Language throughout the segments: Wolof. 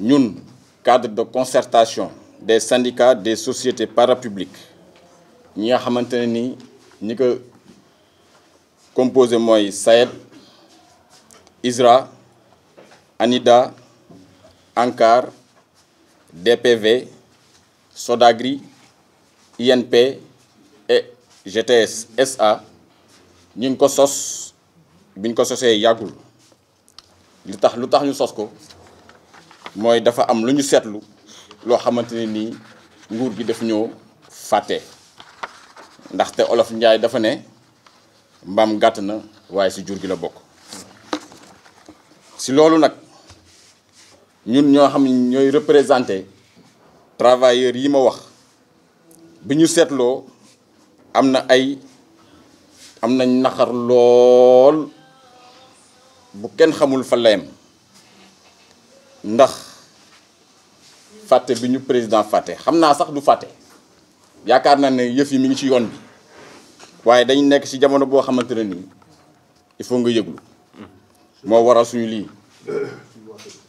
ñun cadre de concertation des syndicats des sociétés parapubliques nous avons composé Saeb, ISRA ANIDA Ankar, DPV SODAGRI INP et GTS SA Nous avons ko sos Nous ko mooy dafa am lu ñu seetlu loo xamante ne nii nguur gi daf ñoo fàtte ndaxte olof njaay dafa ne mbaam gàtt na waaye si jur gi la bokk si loolu nag ñun ñoo xam ñooy représenté travailleurs yi ma wax bi ñu seetloo am na ay am nañ naqar lool bu kenn xamul fa layam ndax fàtte bi ñu président fàtte xam naa sax du fàtte yaakaar naa ne yëf yi mu ngi ci yoon bi waaye dañ nekk ci jamono boo xamante ne nii il faut nga yëglu moo waral suñu lii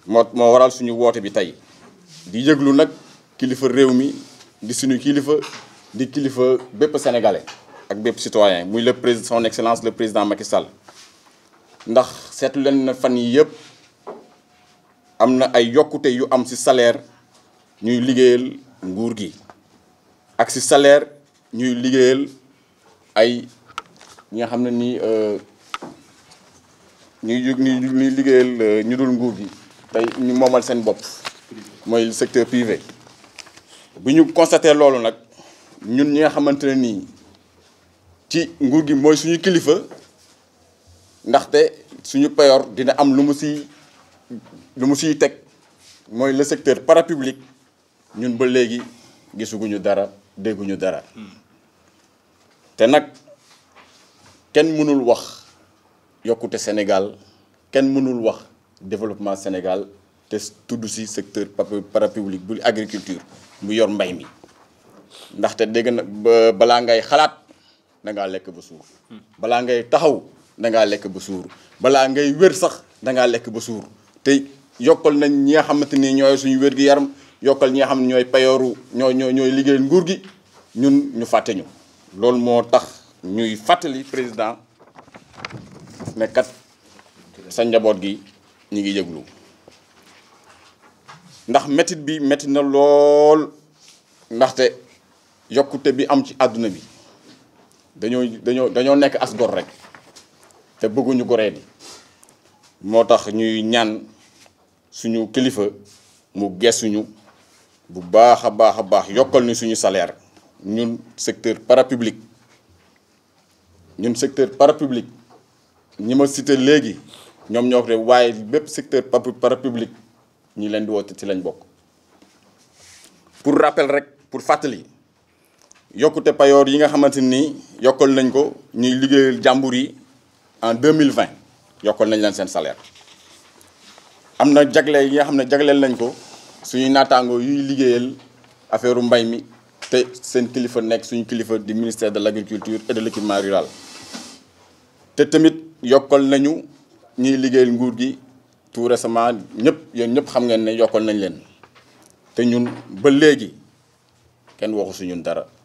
moo moo waral suñu woote bi tey di yëglu nag kilifa réew mi di suñu kilifa di kilifa bépp sénégalais ak bépp citoyen muy le président son excellence le président Macky Sall ndax seetlu leen na fan yi yëpp am na ay yokkute yu am si salaire ñuy liggéeyal nguur gi ak salaire ñuy liggéeyal ay ñi nga euh, ñuy euh, ñu dul nguur secteur privé ñu constaté loolu ñun ñi nga xamante ci nguur gi suñu kilifa am le secteur parapublic ñun ba léegi gisuguñu dara dégguñu dara te nag kenn mënul wax yokkute Sénégal kenn mënul wax développement Sénégal te tudd ci secteur parapublic bu agriculture bu yor mbay mi ndaxte dégg na balaa ngay xalaat da ngaa lekk ba suur balaa ngay taxaw da lekk ba suur balaa ngay wér sax da lekk ba suur te yokkal nañ ñi nga xamante ni ñooy suñu wér gi yaram yokkal ñi xam ne ñooy payooru ñooy ñooy ñooy liggéeyal nguur gi ñun ñu fàtte ñu. loolu moo tax ñuy fàttali président nekkat sa njaboot gi ñu ngi yëglu ndax mettit bi métti na lool ndaxte yokkute bi am ci àdduna bi dañoo dañoo dañoo nekk as gor rek te bëgguñu goree moo tax ñuy ñaan suñu kilifa mu geesuñu bu baax a baax a baax yokkal ni suñu salaire ñun secteur parapublique ñun secteur parapublic ñi ma cité léegi ñoom ñoo ko waaye bépp secteur parapublique ñi leen di woote ci lañ bokk pour rappel rek pour fàttali yokkute payoor yi nga xamante nii yokkal nañ ko ñuy liggéeyal jàmbur yi en 2020 yokkal nañ leen seen salaire am na jagle yi nga xam ne jagleel nañ ko suñu natango yu ligéyal affaireu mbay mi té seen kilifa nek suñu kilifa du ministère de l'Agriculture et de l'Équipement rural té tamit yokkal nañu ñi ligéyal nguur gi tout récemment ñep yeen ñep xam ngeen né yokkal nañ leen té ñun ba légui kenn waxu suñu dara